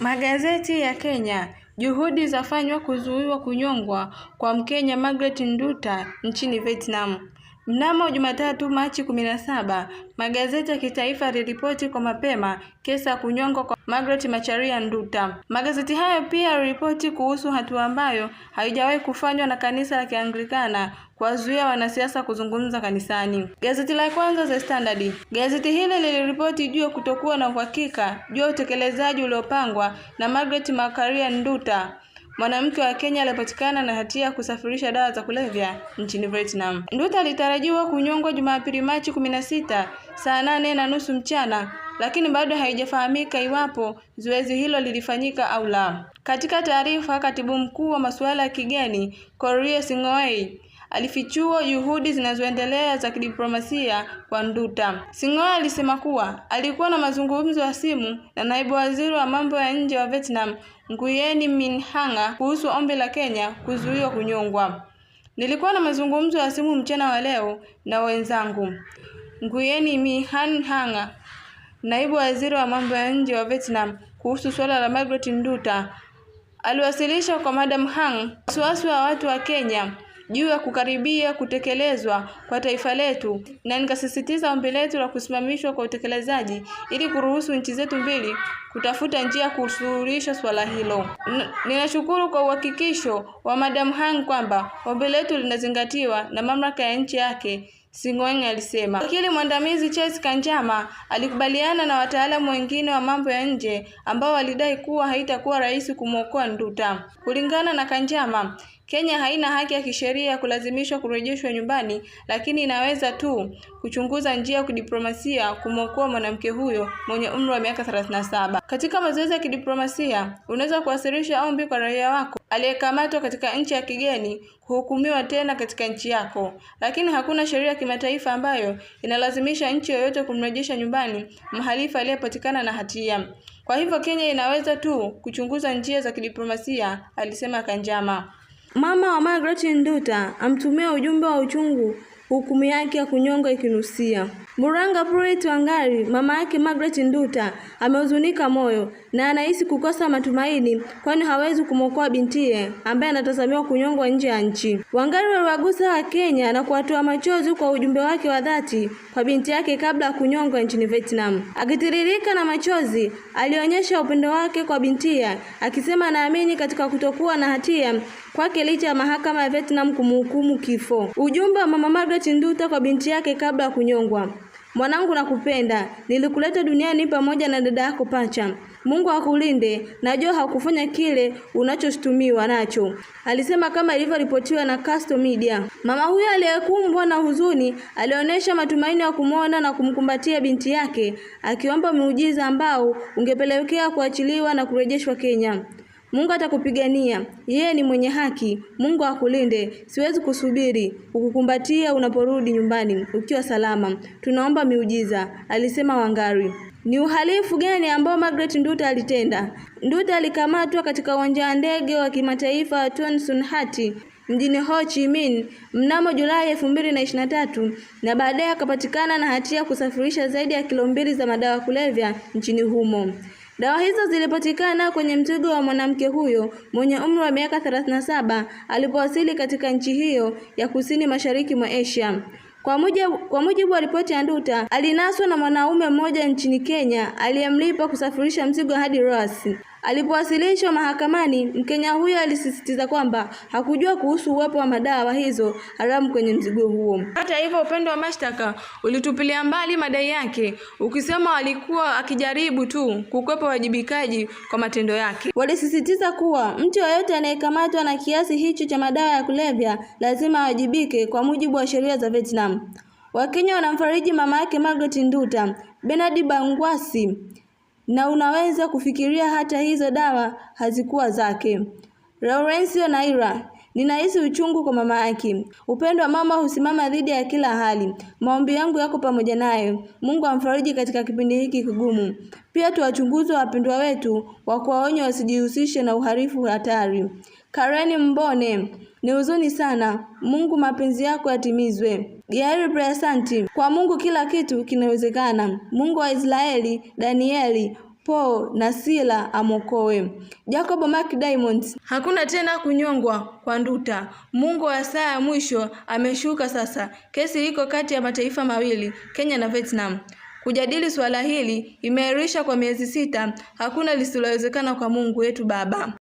Magazeti ya Kenya Juhudi zafanywa kuzuiwa kunyongwa kwa Mkenya Margaret Nduta nchini Vietnam. Mnamo Jumatatu Machi 17, magazeti ya kitaifa yaliripoti kwa mapema kesa ya kunyongwa kwa Margaret Macharia Nduta. Magazeti hayo pia yaliripoti kuhusu hatua ambayo haijawahi kufanywa na kanisa la Kianglikana kuwazuia wanasiasa kuzungumza kanisani. Gazeti la kwanza The Standard. Gazeti hili liliripoti juu ya kutokuwa na uhakika juu ya utekelezaji uliopangwa na Margaret Macharia Nduta mwanamke wa Kenya aliyepatikana na hatia ya kusafirisha dawa za kulevya nchini Vietnam. Nduta alitarajiwa kunyongwa Jumapili Machi 16 saa nane na nusu mchana, lakini bado haijafahamika iwapo zoezi hilo lilifanyika au la. Katika taarifa, katibu mkuu wa masuala ya kigeni Korea Sing'oei alifichua juhudi zinazoendelea za kidiplomasia kwa Nduta. singoa alisema kuwa alikuwa na mazungumzo ya simu na naibu waziri wa mambo ya nje wa Vietnam, Nguyen Minh Hanga kuhusu ombi la Kenya kuzuiwa kunyongwa. Nilikuwa na mazungumzo ya simu mchana wa leo na wenzangu, Nguyen Minh Hanga, naibu waziri wa mambo ya nje wa Vietnam, kuhusu suala la Margaret Nduta. Aliwasilisha kwa Madam Hang wasiwasi wa watu wa Kenya juu ya kukaribia kutekelezwa kwa taifa letu na nikasisitiza ombi letu la kusimamishwa kwa utekelezaji ili kuruhusu nchi zetu mbili kutafuta njia ya kusuluhisha swala hilo. ninashukuru kwa uhakikisho wa Madam Hang kwamba ombi letu linazingatiwa na mamlaka ya nchi yake. Sing'oeng alisema. Wakili mwandamizi Charles Kanjama alikubaliana na wataalamu wengine wa mambo ya nje ambao walidai kuwa haitakuwa rahisi kumwokoa Nduta. Kulingana na Kanjama, Kenya haina haki ya kisheria kulazimishwa kurejeshwa nyumbani, lakini inaweza tu kuchunguza njia ya kidiplomasia kumwokoa mwanamke huyo mwenye umri wa miaka 37. Katika mazoezi ya kidiplomasia, unaweza kuwasilisha ombi kwa raia wako aliyekamatwa katika nchi ya kigeni kuhukumiwa tena katika nchi yako, lakini hakuna sheria ya kimataifa ambayo inalazimisha nchi yoyote kumrejesha nyumbani mhalifu aliyepatikana na hatia. Kwa hivyo Kenya inaweza tu kuchunguza njia za kidiplomasia, alisema Kanjama. Mama wa Margaret Nduta amtumia ujumbe wa uchungu hukumu yake ya kunyongwa ikinusia Muranga Prurit Wangari, mama yake Margaret Nduta, amehuzunika moyo na anahisi kukosa matumaini, kwani hawezi kumwokoa bintiye ambaye anatazamiwa kunyongwa nje ya nchi. Wangari waliwagusa wa Kenya na kuwatoa machozi kwa ujumbe wake wa dhati kwa binti yake kabla ya kunyongwa nchini Vietnam. Akitiririka na machozi, alionyesha upendo wake kwa bintiye akisema anaamini katika kutokuwa na hatia kwake licha ya mahakama ya Vietnam kumhukumu kifo. Ujumbe wa mama Margaret Nduta kwa binti yake kabla ya kunyongwa. Mwanangu nakupenda, nilikuleta duniani pamoja na dada yako Pacha. Mungu akulinde, najua hakufanya kile unachoshutumiwa nacho, alisema kama ilivyoripotiwa na Castro Media. Mama huyo aliyekumbwa na huzuni alionyesha matumaini ya kumwona na kumkumbatia binti yake, akiomba muujiza ambao ungepelekea kuachiliwa na kurejeshwa Kenya. Mungu atakupigania, yeye ni mwenye haki. Mungu akulinde. Siwezi kusubiri kukukumbatia unaporudi nyumbani ukiwa salama. Tunaomba miujiza, alisema Wangari. Ni uhalifu gani ambao Margaret Nduta alitenda? Nduta alikamatwa katika uwanja wa ndege wa kimataifa wa Thong Hati mjini Ho Chi Minh mnamo Julai elfu mbili na ishirini na tatu na baadaye akapatikana na hatia ya kusafirisha zaidi ya kilo mbili za madawa kulevya nchini humo. Dawa hizo zilipatikana kwenye mtego wa mwanamke huyo mwenye umri wa miaka 37 alipowasili katika nchi hiyo ya kusini mashariki mwa Asia. Kwa mujibu, kwa mujibu wa ripoti ya Nduta, alinaswa na mwanaume mmoja nchini Kenya aliyemlipa kusafirisha mzigo hadi Rasi. Alipowasilishwa mahakamani, Mkenya huyo alisisitiza kwamba hakujua kuhusu uwepo wa madawa hizo haramu kwenye mzigo huo. Hata hivyo, upande wa mashtaka ulitupilia mbali madai yake ukisema alikuwa akijaribu tu kukwepa wajibikaji kwa matendo yake. Walisisitiza kuwa mtu yoyote anayekamatwa na kiasi hicho cha madawa ya kulevya lazima awajibike kwa mujibu wa sheria za Vietnam. Wakenya wanamfariji mama yake Margaret Nduta, Bernard Bangwasi na unaweza kufikiria hata hizo dawa hazikuwa zake. Laurencio Naira Ninahisi uchungu kwa mama yake. Upendo wa mama husimama dhidi ya kila hali. Maombi yangu yako pamoja naye. Mungu amfariji katika kipindi hiki kigumu. Pia tuwachunguze wapendwa wetu wa kuwaonya wasijihusishe na uhalifu hatari. Kareni Mbone ni huzuni sana. Mungu, mapenzi yako yatimizwe. Jair yaani Prasanti, kwa Mungu kila kitu kinawezekana. Mungu wa Israeli, Danieli Po na Sila amokoe. Jacob Mark Diamond, hakuna tena kunyongwa kwa Nduta. Mungu wa saa ya mwisho ameshuka sasa. Kesi iko kati ya mataifa mawili, Kenya na Vietnam. Kujadili suala hili imeahirisha kwa miezi sita. Hakuna lisilowezekana kwa Mungu wetu Baba.